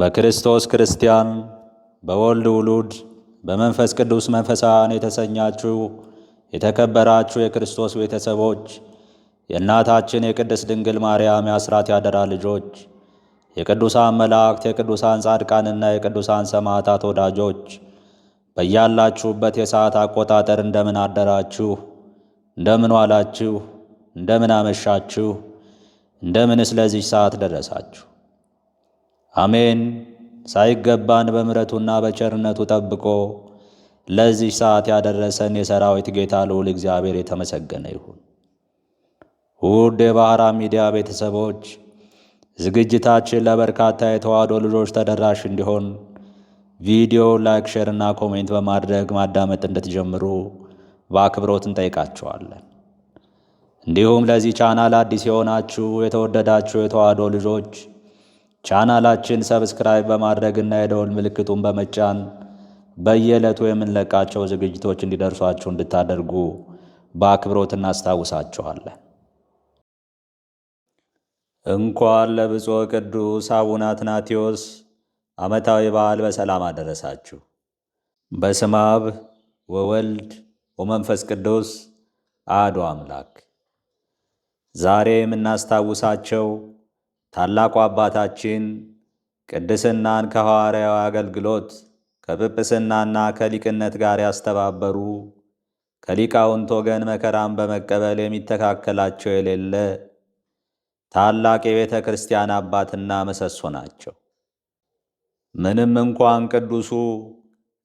በክርስቶስ ክርስቲያን በወልድ ውሉድ በመንፈስ ቅዱስ መንፈሳውያን የተሰኛችሁ የተከበራችሁ የክርስቶስ ቤተሰቦች የእናታችን የቅድስት ድንግል ማርያም የአስራት ያደራ ልጆች የቅዱሳን መላእክት የቅዱሳን ጻድቃንና የቅዱሳን ሰማዕታት ወዳጆች በያላችሁበት የሰዓት አቆጣጠር እንደምን አደራችሁ? እንደምን ዋላችሁ? እንደምን አመሻችሁ? እንደምን ስለዚህ ሰዓት ደረሳችሁ? አሜን። ሳይገባን በምረቱና በቸርነቱ ጠብቆ ለዚህ ሰዓት ያደረሰን የሰራዊት ጌታ ልዑል እግዚአብሔር የተመሰገነ ይሁን። ውድ የባህራ ሚዲያ ቤተሰቦች ዝግጅታችን ለበርካታ የተዋህዶ ልጆች ተደራሽ እንዲሆን ቪዲዮ ላይክ፣ ሼር እና ኮሜንት በማድረግ ማዳመጥ እንድትጀምሩ በአክብሮት እንጠይቃችኋለን። እንዲሁም ለዚህ ቻናል አዲስ የሆናችሁ የተወደዳችሁ የተዋህዶ ልጆች ቻናላችን ሰብስክራይብ በማድረግና የደወል ምልክቱን በመጫን በየዕለቱ የምንለቃቸው ዝግጅቶች እንዲደርሷችሁ እንድታደርጉ በአክብሮት እናስታውሳችኋለን። እንኳን ለብፁዕ ቅዱስ አቡነ አትናቴዎስ ዓመታዊ በዓል በሰላም አደረሳችሁ። በስመ አብ ወወልድ ወመንፈስ ቅዱስ አሐዱ አምላክ ዛሬ የምናስታውሳቸው ታላቁ አባታችን ቅድስናን ከሐዋርያዊ አገልግሎት ከጵጵስናና ከሊቅነት ጋር ያስተባበሩ ከሊቃውንት ወገን መከራን በመቀበል የሚተካከላቸው የሌለ ታላቅ የቤተ ክርስቲያን አባትና ምሰሶ ናቸው። ምንም እንኳን ቅዱሱ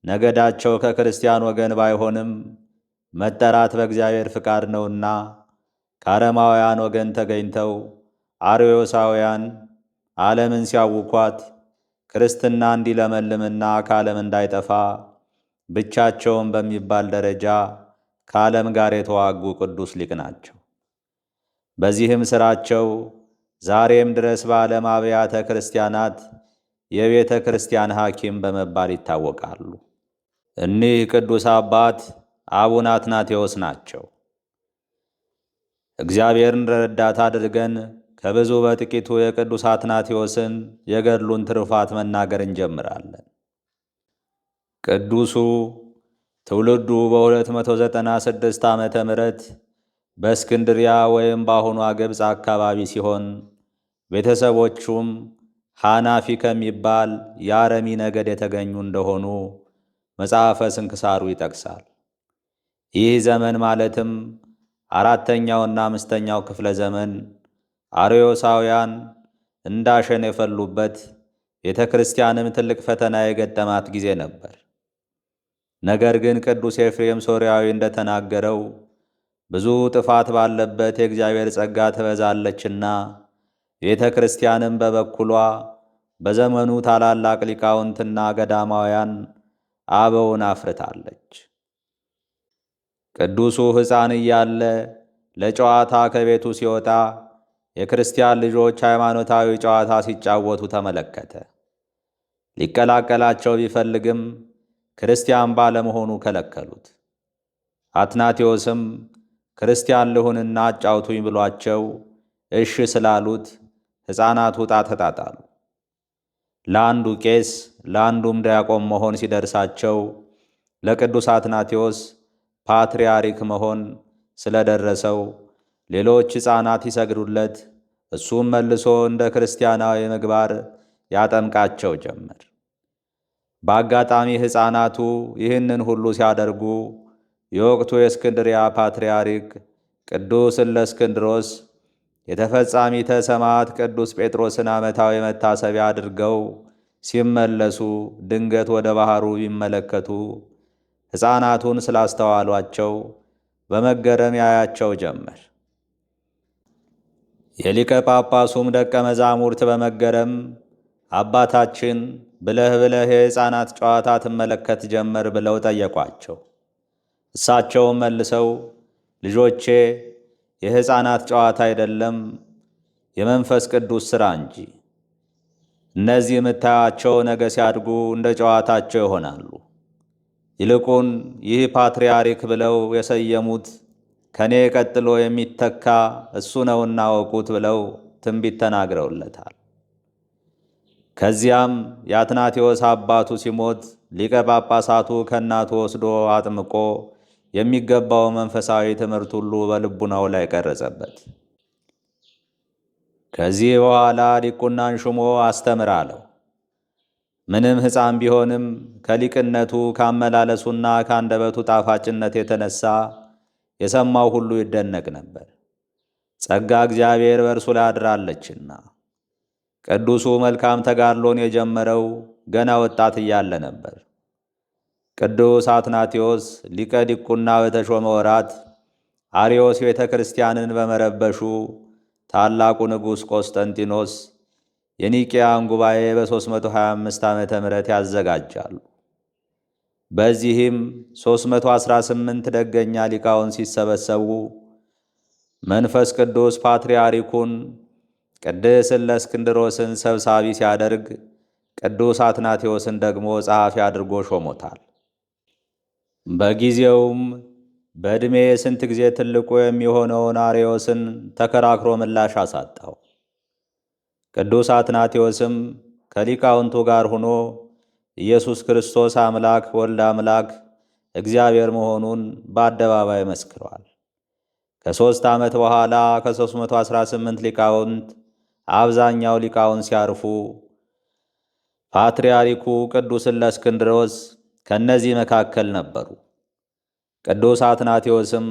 ነገዳቸው ከክርስቲያን ወገን ባይሆንም መጠራት በእግዚአብሔር ፍቃድ ነውና ከአረማውያን ወገን ተገኝተው አርዮሳውያን ዓለምን ሲያውኳት ክርስትና እንዲለመልምና ከዓለም እንዳይጠፋ ብቻቸውን በሚባል ደረጃ ከዓለም ጋር የተዋጉ ቅዱስ ሊቅ ናቸው። በዚህም ሥራቸው ዛሬም ድረስ በዓለም አብያተ ክርስቲያናት የቤተ ክርስቲያን ሐኪም በመባል ይታወቃሉ። እኒህ ቅዱስ አባት አቡነ አትናቴዎስ ናቸው። እግዚአብሔርን ረዳት አድርገን ከብዙ በጥቂቱ የቅዱስ አትናቴዎስን የገድሉን ትሩፋት መናገር እንጀምራለን። ቅዱሱ ትውልዱ በ296 ዓመተ ምሕረት በእስክንድሪያ ወይም በአሁኗ ግብፅ አካባቢ ሲሆን ቤተሰቦቹም ሃናፊ ከሚባል የአረሚ ነገድ የተገኙ እንደሆኑ መጽሐፈ ስንክሳሩ ይጠቅሳል። ይህ ዘመን ማለትም አራተኛውና አምስተኛው ክፍለ ዘመን አርዮሳውያን እንዳሸን የፈሉበት ቤተ ክርስቲያንም ትልቅ ፈተና የገጠማት ጊዜ ነበር። ነገር ግን ቅዱስ ኤፍሬም ሶርያዊ እንደተናገረው ብዙ ጥፋት ባለበት የእግዚአብሔር ጸጋ ትበዛለችና ቤተ ክርስቲያንም በበኩሏ በዘመኑ ታላላቅ ሊቃውንትና ገዳማውያን አበውን አፍርታለች። ቅዱሱ ሕፃን እያለ ለጨዋታ ከቤቱ ሲወጣ የክርስቲያን ልጆች ሃይማኖታዊ ጨዋታ ሲጫወቱ ተመለከተ። ሊቀላቀላቸው ቢፈልግም ክርስቲያን ባለመሆኑ ከለከሉት። አትናቴዎስም ክርስቲያን ልሁንና አጫውቱኝ ብሏቸው እሺ ስላሉት ሕፃናት ውጣ ተጣጣሉ። ለአንዱ ቄስ ለአንዱም ዲያቆን መሆን ሲደርሳቸው ለቅዱስ አትናቴዎስ ፓትርያሪክ መሆን ስለደረሰው ሌሎች ሕፃናት ይሰግዱለት። እሱም መልሶ እንደ ክርስቲያናዊ ምግባር ያጠምቃቸው ጀመር። በአጋጣሚ ሕፃናቱ ይህንን ሁሉ ሲያደርጉ የወቅቱ የእስክንድሪያ ፓትርያርክ ቅዱስ እለእስክንድሮስ የተፈጻሚተ ሰማዕት ቅዱስ ጴጥሮስን ዓመታዊ መታሰቢያ አድርገው ሲመለሱ ድንገት ወደ ባሕሩ ቢመለከቱ ሕፃናቱን ስላስተዋሏቸው በመገረም ያያቸው ጀመር። የሊቀ ጳጳሱም ደቀ መዛሙርት በመገረም አባታችን ብለህ ብለህ የሕፃናት ጨዋታ ትመለከት ጀመር ብለው ጠየቋቸው። እሳቸውም መልሰው ልጆቼ የሕፃናት ጨዋታ አይደለም የመንፈስ ቅዱስ ሥራ እንጂ እነዚህ የምታያቸው ነገ ሲያድጉ እንደ ጨዋታቸው ይሆናሉ። ይልቁን ይህ ፓትርያርክ ብለው የሰየሙት ከእኔ ቀጥሎ የሚተካ እሱ ነውና ወቁት ብለው ትንቢት ተናግረውለታል። ከዚያም የአትናቴዎስ አባቱ ሲሞት ሊቀ ጳጳሳቱ ከእናቱ ወስዶ አጥምቆ የሚገባው መንፈሳዊ ትምህርት ሁሉ በልቡናው ላይ ቀረጸበት። ከዚህ በኋላ ዲቁናን ሹሞ አስተምር አለው። ምንም ሕፃን ቢሆንም ከሊቅነቱ ካመላለሱና ከአንደበቱ ጣፋጭነት የተነሳ የሰማው ሁሉ ይደነቅ ነበር፣ ጸጋ እግዚአብሔር በእርሱ ላይ አድራለችና። ቅዱሱ መልካም ተጋድሎን የጀመረው ገና ወጣት እያለ ነበር። ቅዱስ አትናቴዎስ ሊቀ ዲቁና በተሾመ ወራት አሪዮስ ቤተ ክርስቲያንን በመረበሹ ታላቁ ንጉሥ ቆስጠንጢኖስ የኒቅያን ጉባኤ በ325 ዓ ም ያዘጋጃሉ። በዚህም 318 ደገኛ ሊቃውን ሲሰበሰቡ መንፈስ ቅዱስ ፓትርያሪኩን ቅድስ እለእስክንድሮስን ሰብሳቢ ሲያደርግ ቅዱስ አትናቴዎስን ደግሞ ጸሐፊ አድርጎ ሾሞታል። በጊዜውም በዕድሜ ስንት ጊዜ ትልቁ የሚሆነውን አሬዎስን ተከራክሮ ምላሽ አሳጣው። ቅዱስ አትናቴዎስም ከሊቃውንቱ ጋር ሆኖ ኢየሱስ ክርስቶስ አምላክ ወልድ አምላክ እግዚአብሔር መሆኑን በአደባባይ መስክሯል። ከሦስት ዓመት በኋላ ከ318 ሊቃውንት አብዛኛው ሊቃውንት ሲያርፉ ፓትርያርኩ ቅዱስ እለእስክንድሮስ ከእነዚህ መካከል ነበሩ። ቅዱስ አትናቴዎስም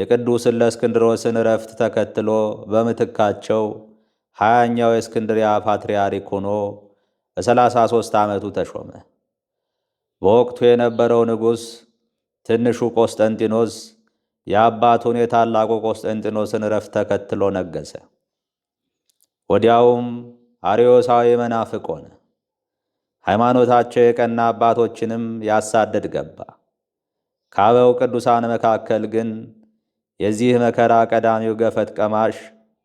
የቅዱስ እለእስክንድሮስን እረፍት ተከትሎ በምትካቸው ሀያኛው የእስክንድሪያ ፓትርያርክ ሆኖ በሰላሳ ሦስት ዓመቱ ተሾመ። በወቅቱ የነበረው ንጉሥ ትንሹ ቆስጠንጢኖስ የአባቱን የታላቁ ቆስጠንጢኖስን ረፍት ተከትሎ ነገሰ። ወዲያውም አርዮሳዊ መናፍቅ ሆነ። ሃይማኖታቸው የቀና አባቶችንም ያሳደድ ገባ። ከአበው ቅዱሳን መካከል ግን የዚህ መከራ ቀዳሚው ገፈት ቀማሽ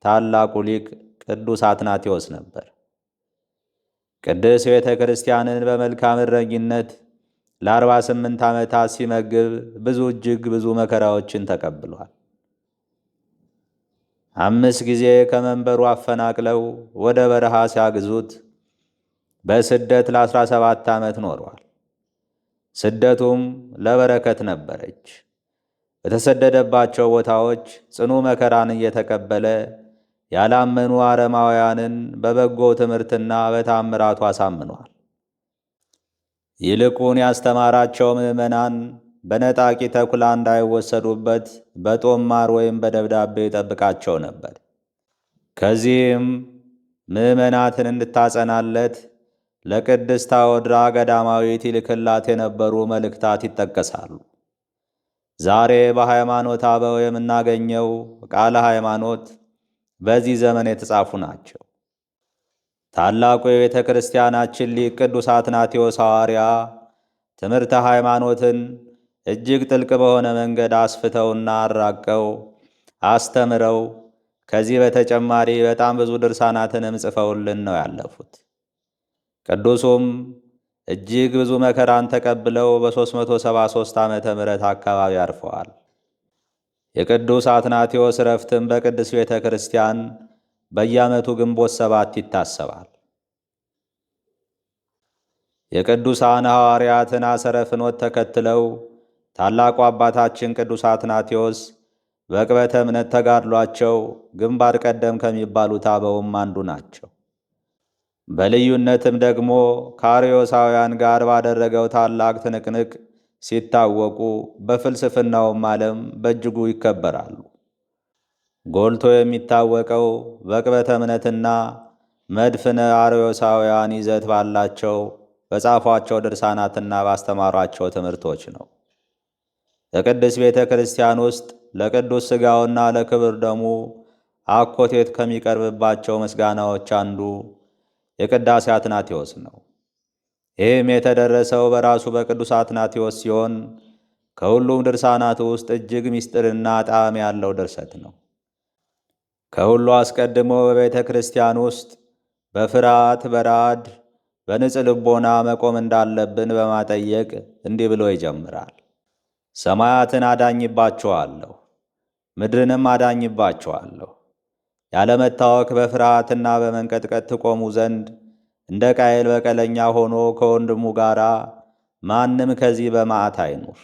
ታላቁ ሊቅ ቅዱስ አትናቴዎስ ነበር። ቅድስት ቤተ ክርስቲያንን በመልካም እረኝነት ለአርባ ስምንት ዓመታት ሲመግብ ብዙ እጅግ ብዙ መከራዎችን ተቀብሏል። አምስት ጊዜ ከመንበሩ አፈናቅለው ወደ በረሃ ሲያግዙት በስደት ለአስራ ሰባት ዓመት ኖሯል። ስደቱም ለበረከት ነበረች። በተሰደደባቸው ቦታዎች ጽኑ መከራን እየተቀበለ ያላመኑ አረማውያንን በበጎ ትምህርትና በታምራቱ አሳምኗል። ይልቁን ያስተማራቸው ምዕመናን በነጣቂ ተኩላ እንዳይወሰዱበት በጦም ማር ወይም በደብዳቤ ይጠብቃቸው ነበር። ከዚህም ምዕመናትን እንድታጸናለት ለቅድስት አወድራ ገዳማዊት ይልክላት የነበሩ መልእክታት ይጠቀሳሉ። ዛሬ በሃይማኖት አበው የምናገኘው ቃለ ሃይማኖት በዚህ ዘመን የተጻፉ ናቸው። ታላቁ የቤተ ክርስቲያናችን ሊቅ ቅዱስ አትናቴዎስ ሐዋርያ ትምህርተ ሃይማኖትን እጅግ ጥልቅ በሆነ መንገድ አስፍተውና አራቀው አስተምረው ከዚህ በተጨማሪ በጣም ብዙ ድርሳናትንም ጽፈውልን ነው ያለፉት። ቅዱሱም እጅግ ብዙ መከራን ተቀብለው በ373 ዓመተ ምህረት አካባቢ አርፈዋል። የቅዱስ አትናቴዎስ ረፍትም በቅዱስ ቤተ ክርስቲያን በየዓመቱ ግንቦት ሰባት ይታሰባል። የቅዱሳን ሐዋርያትን አሰረ ፍኖት ተከትለው ታላቁ አባታችን ቅዱስ አትናቴዎስ በቅበተ እምነት ተጋድሏቸው ግንባር ቀደም ከሚባሉት አበውም አንዱ ናቸው። በልዩነትም ደግሞ ከአርዮሳውያን ጋር ባደረገው ታላቅ ትንቅንቅ ሲታወቁ በፍልስፍናውም ዓለም በእጅጉ ይከበራሉ። ጎልቶ የሚታወቀው በቅበተ እምነትና መድፍነ አርዮሳውያን ይዘት ባላቸው በጻፏቸው ድርሳናትና ባስተማሯቸው ትምህርቶች ነው። በቅድስት ቤተ ክርስቲያን ውስጥ ለቅዱስ ሥጋውና ለክብር ደሙ አኮቴት ከሚቀርብባቸው ምስጋናዎች አንዱ የቅዳሴ አትናቴዎስ ነው። ይህም የተደረሰው በራሱ በቅዱስ አትናቴዎስ ሲሆን ከሁሉም ድርሳናት ውስጥ እጅግ ምስጢርና ጣዕም ያለው ድርሰት ነው። ከሁሉ አስቀድሞ በቤተ ክርስቲያን ውስጥ በፍርሃት በራድ በንጽሕ ልቦና መቆም እንዳለብን በማጠየቅ እንዲህ ብሎ ይጀምራል። ሰማያትን አዳኝባችኋለሁ፣ ምድርንም አዳኝባችኋለሁ ያለመታወክ በፍርሃትና በመንቀጥቀጥ ትቆሙ ዘንድ እንደ ቃየል በቀለኛ ሆኖ ከወንድሙ ጋር ማንም ከዚህ በማዕት አይኑር።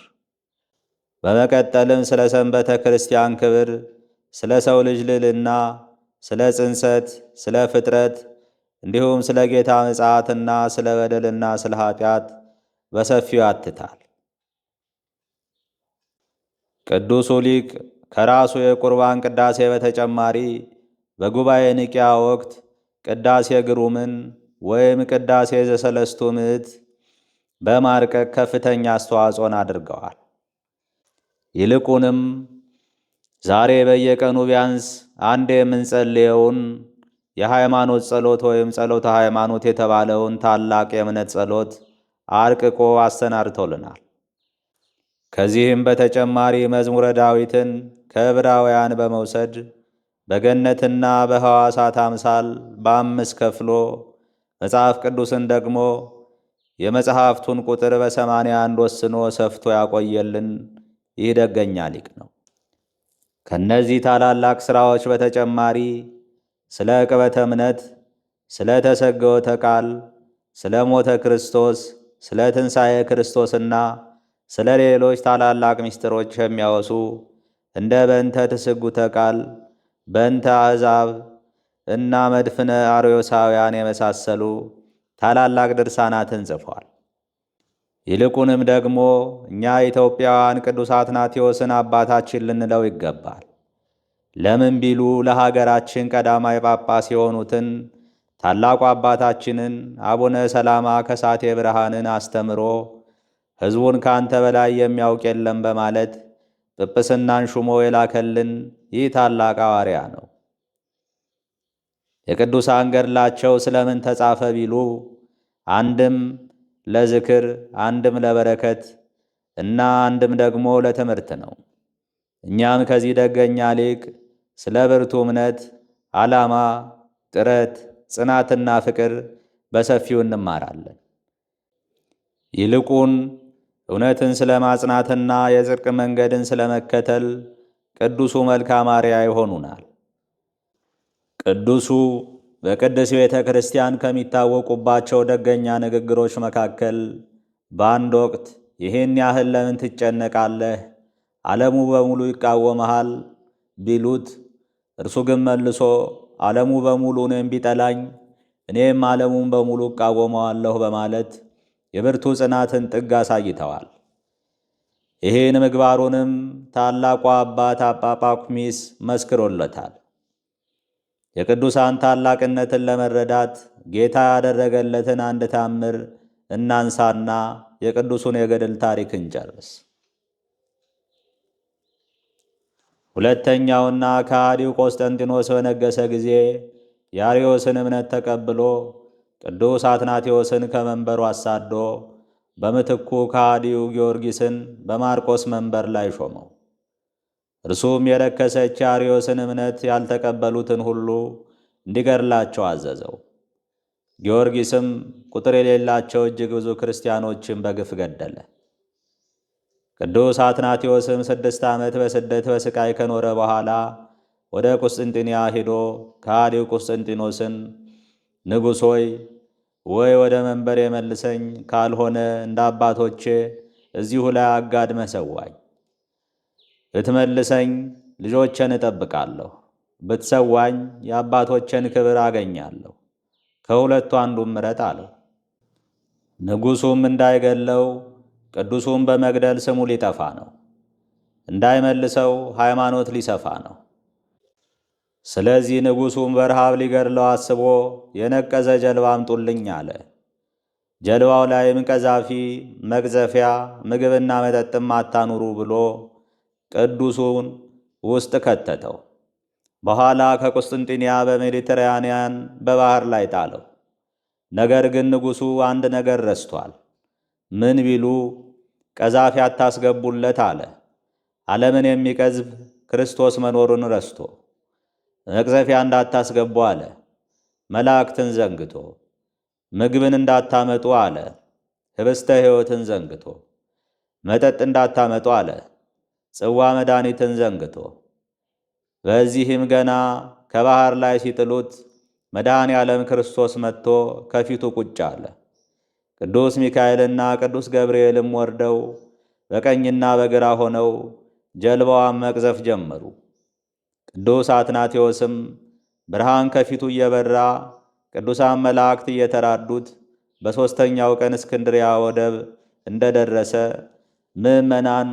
በመቀጠልም ስለ ሰንበተ ክርስቲያን ክብር፣ ስለ ሰው ልጅ ልዕልና፣ ስለ ጽንሰት፣ ስለ ፍጥረት እንዲሁም ስለ ጌታ ምጽአትና ስለ በደልና ስለ ኃጢአት በሰፊው ያትታል። ቅዱሱ ሊቅ ከራሱ የቁርባን ቅዳሴ በተጨማሪ በጉባኤ ንቅያ ወቅት ቅዳሴ ግሩምን ወይም ቅዳሴ ዘሰለስቱ ምዕት በማርቀቅ ከፍተኛ አስተዋጽኦን አድርገዋል። ይልቁንም ዛሬ በየቀኑ ቢያንስ አንድ የምንጸልየውን የሃይማኖት ጸሎት ወይም ጸሎተ ሃይማኖት የተባለውን ታላቅ የእምነት ጸሎት አርቅቆ አሰናድቶልናል። ከዚህም በተጨማሪ መዝሙረ ዳዊትን ከዕብራውያን በመውሰድ በገነትና በሕዋሳት አምሳል በአምስት ከፍሎ መጽሐፍ ቅዱስን ደግሞ የመጽሐፍቱን ቁጥር በሰማንያ አንድ ወስኖ ሰፍቶ ያቆየልን ይህ ደገኛ ሊቅ ነው። ከእነዚህ ታላላቅ ሥራዎች በተጨማሪ ስለ ቅበተ እምነት፣ ስለ ተሰገወተ ቃል፣ ስለ ሞተ ክርስቶስ፣ ስለ ትንሣኤ ክርስቶስና ስለ ሌሎች ታላላቅ ምስጢሮች የሚያወሱ እንደ በእንተ ትስጉተ ቃል፣ በእንተ አሕዛብ እና መድፍነ አርዮሳውያን የመሳሰሉ ታላላቅ ድርሳናትን ጽፏል። ይልቁንም ደግሞ እኛ ኢትዮጵያውያን ቅዱስ አትናቴዎስን አባታችን ልንለው ይገባል። ለምን ቢሉ ለሀገራችን ቀዳማዊ ጳጳስ የሆኑትን ታላቁ አባታችንን አቡነ ሰላማ ከሳቴ ብርሃንን አስተምሮ ሕዝቡን ከአንተ በላይ የሚያውቅ የለም በማለት ጵጵስናን ሹሞ የላከልን ይህ ታላቅ ሐዋርያ ነው። የቅዱሳን ገድላቸው ስለምን ተጻፈ ቢሉ አንድም ለዝክር አንድም ለበረከት እና አንድም ደግሞ ለትምህርት ነው። እኛም ከዚህ ደገኛ ሊቅ ስለ ብርቱ እምነት፣ ዓላማ፣ ጥረት፣ ጽናትና ፍቅር በሰፊው እንማራለን። ይልቁን እውነትን ስለ ማጽናትና የጽድቅ መንገድን ስለ መከተል ቅዱሱ መልካማርያ ይሆኑናል። ቅዱሱ በቅዱስ ቤተ ክርስቲያን ከሚታወቁባቸው ደገኛ ንግግሮች መካከል በአንድ ወቅት ይህን ያህል ለምን ትጨነቃለህ? ዓለሙ በሙሉ ይቃወመሃል ቢሉት እርሱ ግን መልሶ ዓለሙ በሙሉ እኔም ቢጠላኝ እኔም ዓለሙን በሙሉ እቃወመዋለሁ በማለት የብርቱ ጽናትን ጥግ አሳይተዋል። ይህን ምግባሩንም ታላቁ አባት አጳጳኩሚስ መስክሮለታል። የቅዱሳን ታላቅነትን ለመረዳት ጌታ ያደረገለትን አንድ ታምር እናንሳና የቅዱሱን የገድል ታሪክ እንጨርስ። ሁለተኛውና ከሃዲው ቆስጠንጢኖስ በነገሰ ጊዜ የአርዮስን እምነት ተቀብሎ ቅዱስ አትናቴዎስን ከመንበሩ አሳዶ በምትኩ ከሃዲው ጊዮርጊስን በማርቆስ መንበር ላይ ሾመው። እርሱም የረከሰች የአርዮስን እምነት ያልተቀበሉትን ሁሉ እንዲገድላቸው አዘዘው። ጊዮርጊስም ቁጥር የሌላቸው እጅግ ብዙ ክርስቲያኖችን በግፍ ገደለ። ቅዱስ አትናቴዎስም ስድስት ዓመት በስደት በስቃይ ከኖረ በኋላ ወደ ቁስጥንጢንያ ሂዶ ከሃዲው ቁስጥንጢኖስን ንጉሥ ሆይ ወይ ወደ መንበር የመልሰኝ፣ ካልሆነ እንደ አባቶቼ እዚሁ ላይ አጋድመ ሰዋኝ ብትመልሰኝ ልጆችን እጠብቃለሁ፣ ብትሰዋኝ የአባቶችን ክብር አገኛለሁ። ከሁለቱ አንዱም ምረጥ አለው። ንጉሡም እንዳይገለው ቅዱሱም በመግደል ስሙ ሊጠፋ ነው፣ እንዳይመልሰው ሃይማኖት ሊሰፋ ነው። ስለዚህ ንጉሡም በረሃብ ሊገድለው አስቦ የነቀዘ ጀልባ አምጡልኝ አለ። ጀልባው ላይም ቀዛፊ፣ መቅዘፊያ፣ ምግብና መጠጥም አታኑሩ ብሎ ቅዱሱን ውስጥ ከተተው። በኋላ ከቁስጥንጢንያ በሜዲትራንያን በባህር ላይ ጣለው። ነገር ግን ንጉሡ አንድ ነገር ረስቷል። ምን ቢሉ ቀዛፊ አታስገቡለት አለ። ዓለምን የሚቀዝብ ክርስቶስ መኖሩን ረስቶ መቅዘፊያ እንዳታስገቡ አለ። መላእክትን ዘንግቶ ምግብን እንዳታመጡ አለ። ህብስተ ሕይወትን ዘንግቶ መጠጥ እንዳታመጡ አለ። ጽዋ መድኃኒትን ዘንግቶ በዚህም ገና ከባህር ላይ ሲጥሉት መድኃኔ ዓለም ክርስቶስ መጥቶ ከፊቱ ቁጭ አለ። ቅዱስ ሚካኤልና ቅዱስ ገብርኤልም ወርደው በቀኝና በግራ ሆነው ጀልባዋን መቅዘፍ ጀመሩ። ቅዱስ አትናቴዎስም ብርሃን ከፊቱ እየበራ ቅዱሳን መላእክት እየተራዱት በሦስተኛው ቀን እስክንድሪያ ወደብ እንደደረሰ ምዕመናን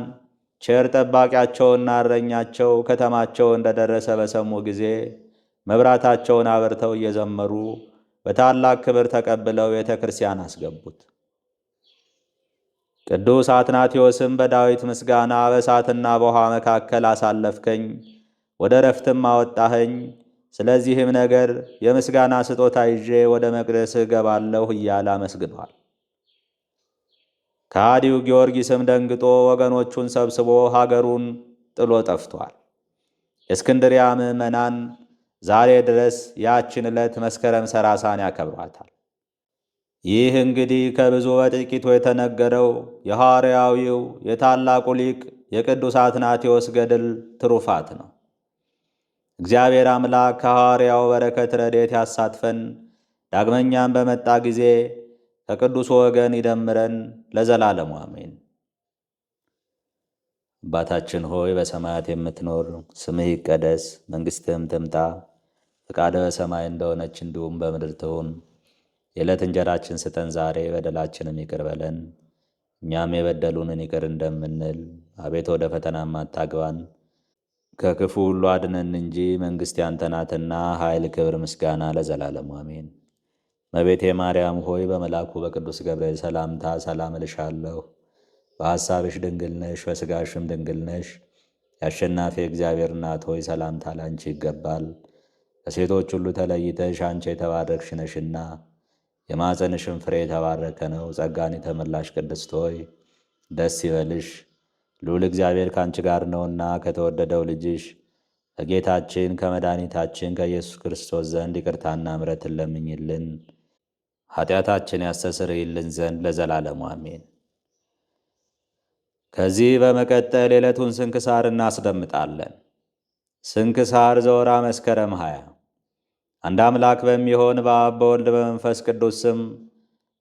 ቸር ጠባቂያቸውና እረኛቸው ከተማቸው እንደደረሰ በሰሙ ጊዜ መብራታቸውን አበርተው እየዘመሩ በታላቅ ክብር ተቀብለው ቤተ ክርስቲያን አስገቡት። ቅዱስ አትናቴዎስም በዳዊት ምስጋና በእሳትና በውኃ መካከል አሳለፍከኝ፣ ወደ ረፍትም አወጣኸኝ። ስለዚህም ነገር የምስጋና ስጦታ ይዤ ወደ መቅደስህ እገባለሁ እያለ አመስግኗል። ከሃዲው ጊዮርጊስም ደንግጦ ወገኖቹን ሰብስቦ ሀገሩን ጥሎ ጠፍቷል። የእስክንድሪያ ምዕመናን ዛሬ ድረስ ያችን ዕለት መስከረም ሰላሳን ያከብሯታል። ይህ እንግዲህ ከብዙ በጥቂቱ የተነገረው የሐዋርያዊው የታላቁ ሊቅ የቅዱስ አትናቴዎስ ገድል ትሩፋት ነው። እግዚአብሔር አምላክ ከሐዋርያው በረከት ረዴት ያሳትፈን። ዳግመኛም በመጣ ጊዜ ከቅዱስ ወገን ይደምረን ለዘላለሙ አሜን። አባታችን ሆይ በሰማያት የምትኖር ስምህ ይቀደስ፣ መንግሥትህም ትምጣ፣ ፈቃድህ በሰማይ እንደሆነች እንዲሁም በምድር ትሁን። የዕለት እንጀራችን ስጠን ዛሬ፣ በደላችንም ይቅር በለን እኛም የበደሉንን ይቅር እንደምንል፣ አቤት ወደ ፈተናም አታግባን ከክፉ ሁሉ አድነን እንጂ መንግሥት ያንተ ናትና፣ ኃይል፣ ክብር፣ ምስጋና ለዘላለሙ አሜን። መቤቴ ማርያም ሆይ በመልአኩ በቅዱስ ገብርኤል ሰላምታ ሰላም እልሻለሁ። በሐሳብሽ ድንግል ነሽ፣ በሥጋሽም ድንግል ነሽ። የአሸናፊ እግዚአብሔር እናት ሆይ ሰላምታ ላንቺ ይገባል። ከሴቶች ሁሉ ተለይተሽ አንቺ የተባረክሽ ነሽና የማፀንሽን ፍሬ የተባረከ ነው። ጸጋን የተመላሽ ቅድስት ሆይ ደስ ይበልሽ፣ ልዑል እግዚአብሔር ከአንቺ ጋር ነውና ከተወደደው ልጅሽ ከጌታችን ከመድኃኒታችን ከኢየሱስ ክርስቶስ ዘንድ ይቅርታና ምሕረትን ለምኝልን ኃጢአታችን ያስተሰርይልን ዘንድ ለዘላለሙ አሜን። ከዚህ በመቀጠል የዕለቱን ስንክሳር እናስደምጣለን። ስንክሳር ዘወራ መስከረም ሃያ አንድ አምላክ በሚሆን በአብ በወልድ በመንፈስ ቅዱስ ስም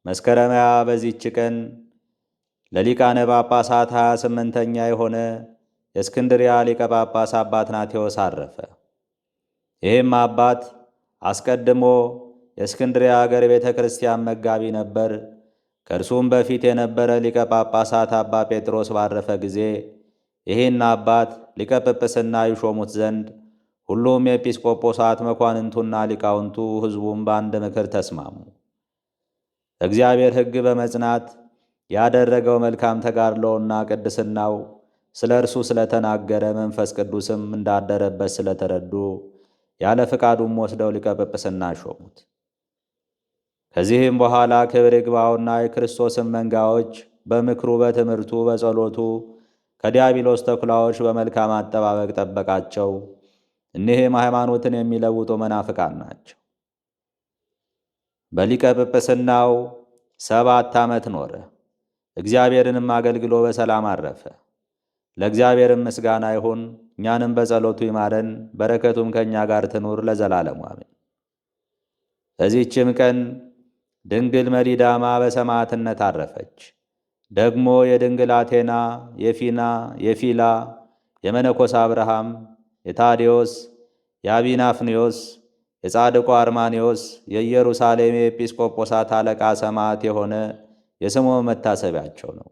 መስከረም ሃያ በዚህች ቀን ለሊቃነ ጳጳሳት ሃያ ስምንተኛ የሆነ የእስክንድሪያ ሊቀ ጳጳስ አባት ናቴዎስ አረፈ። ይህም አባት አስቀድሞ የእስክንድሪያ አገር ቤተ ክርስቲያን መጋቢ ነበር። ከእርሱም በፊት የነበረ ሊቀ ጳጳሳት አባ ጴጥሮስ ባረፈ ጊዜ ይህን አባት ሊቀ ጵጵስና ይሾሙት ዘንድ ሁሉም የኤጲስቆጶሳት መኳንንቱና ሊቃውንቱ ሕዝቡም በአንድ ምክር ተስማሙ። እግዚአብሔር ሕግ በመጽናት ያደረገው መልካም ተጋድሎውና ቅድስናው ስለ እርሱ ስለተናገረ መንፈስ ቅዱስም እንዳደረበት ስለተረዱ ያለ ፍቃዱም ወስደው ሊቀ ጵጵስና ሾሙት። ከዚህም በኋላ ክብር ይግባውና የክርስቶስን መንጋዎች በምክሩ በትምህርቱ በጸሎቱ ከዲያብሎስ ተኩላዎች በመልካም አጠባበቅ ጠበቃቸው። እኒህም ሃይማኖትን የሚለውጡ መናፍቃን ናቸው። በሊቀ ጵጵስናው ሰባት ዓመት ኖረ። እግዚአብሔርንም አገልግሎ በሰላም አረፈ። ለእግዚአብሔርም ምስጋና ይሁን፣ እኛንም በጸሎቱ ይማረን፣ በረከቱም ከእኛ ጋር ትኑር ለዘላለሙ አሜን። በዚህችም ቀን ድንግል መሊዳማ በሰማዕትነት አረፈች። ደግሞ የድንግል አቴና፣ የፊና፣ የፊላ፣ የመነኮስ አብርሃም፣ የታዴዎስ፣ የአቢናፍኒዮስ፣ የጻድቁ አርማኒዎስ፣ የኢየሩሳሌም የኤጲስቆጶሳት አለቃ ሰማዕት የሆነ የስሙ መታሰቢያቸው ነው።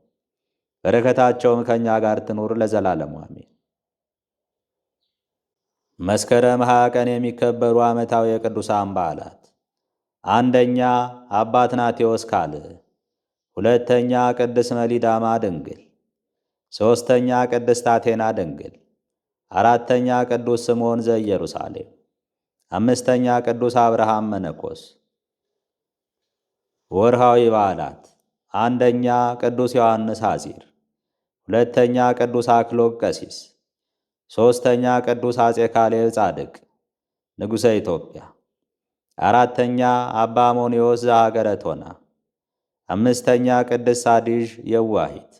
በረከታቸውም ከእኛ ጋር ትኑር ለዘላለሙ አሜን። መስከረም ሃያ ቀን የሚከበሩ ዓመታዊ የቅዱሳን በዓላት አንደኛ አባ ቴዎስ ካል! ሁለተኛ ቅድስት መሊዳማ ድንግል፣ ሦስተኛ ቅድስት አቴና ድንግል፣ አራተኛ ቅዱስ ስምዖን ዘኢየሩሳሌም፣ አምስተኛ ቅዱስ አብርሃም መነኮስ። ወርሃዊ በዓላት አንደኛ ቅዱስ ዮሐንስ አዚር፣ ሁለተኛ ቅዱስ አክሎግ ቀሲስ፣ ሦስተኛ ቅዱስ አፄ ካሌብ ጻድቅ ንጉሠ ኢትዮጵያ አራተኛ አባ አሞኒዮስ ዘሀገረ ቶና፣ አምስተኛ ቅድስት ሳዲዥ የዋሂት፣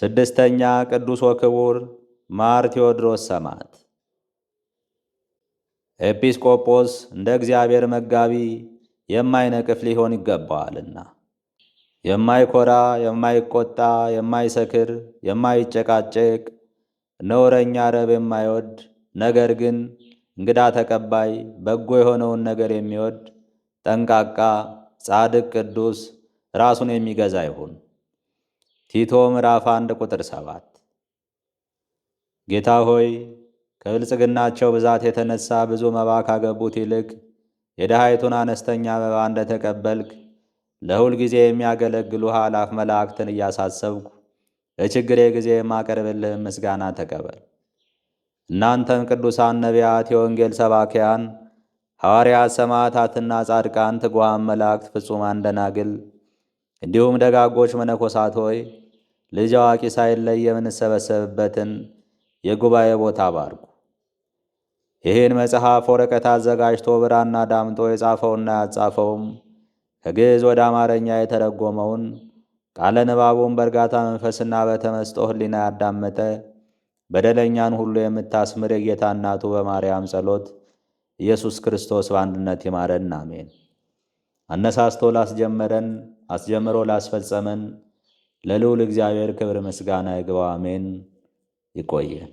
ስድስተኛ ቅዱስ ወክቡር ማር ቴዎድሮስ ሰማዕት። ኤጲስቆጶስ እንደ እግዚአብሔር መጋቢ የማይነቅፍ ሊሆን ይገባዋልና የማይኮራ፣ የማይቆጣ፣ የማይሰክር፣ የማይጨቃጨቅ፣ ነውረኛ ረብ የማይወድ ነገር ግን እንግዳ ተቀባይ፣ በጎ የሆነውን ነገር የሚወድ ጠንቃቃ፣ ጻድቅ፣ ቅዱስ፣ ራሱን የሚገዛ ይሁን። ቲቶ ምዕራፍ አንድ ቁጥር ሰባት ጌታ ሆይ ከብልጽግናቸው ብዛት የተነሳ ብዙ መባ ካገቡት ይልቅ የድሃይቱን አነስተኛ መባ እንደተቀበልክ ለሁል ጊዜ የሚያገለግሉ ኃላፍ መላእክትን እያሳሰብኩ ለችግሬ ጊዜ የማቀርብልህን ምስጋና ተቀበል። እናንተም ቅዱሳን ነቢያት፣ የወንጌል ሰባኪያን ሐዋርያት፣ ሰማዕታትና ጻድቃን፣ ትጉሃን መላእክት፣ ፍጹማን ደናግል እንዲሁም ደጋጎች መነኮሳት ሆይ ልጅ አዋቂ ሳይለይ የምንሰበሰብበትን የጉባኤ ቦታ ባርኩ። ይህን መጽሐፍ ወረቀት አዘጋጅቶ ብራና ዳምጦ የጻፈውና ያጻፈውም ከግዕዝ ወደ አማርኛ የተረጎመውን ቃለ ንባቡን በእርጋታ መንፈስና በተመስጦ ሕሊና ያዳመጠ በደለኛን ሁሉ የምታስምር የጌታ እናቱ በማርያም ጸሎት ኢየሱስ ክርስቶስ በአንድነት ይማረን፣ አሜን። አነሳስቶ ላስጀመረን አስጀምሮ ላስፈጸመን ለልዑል እግዚአብሔር ክብር ምስጋና ይግባው፣ አሜን። ይቆየን።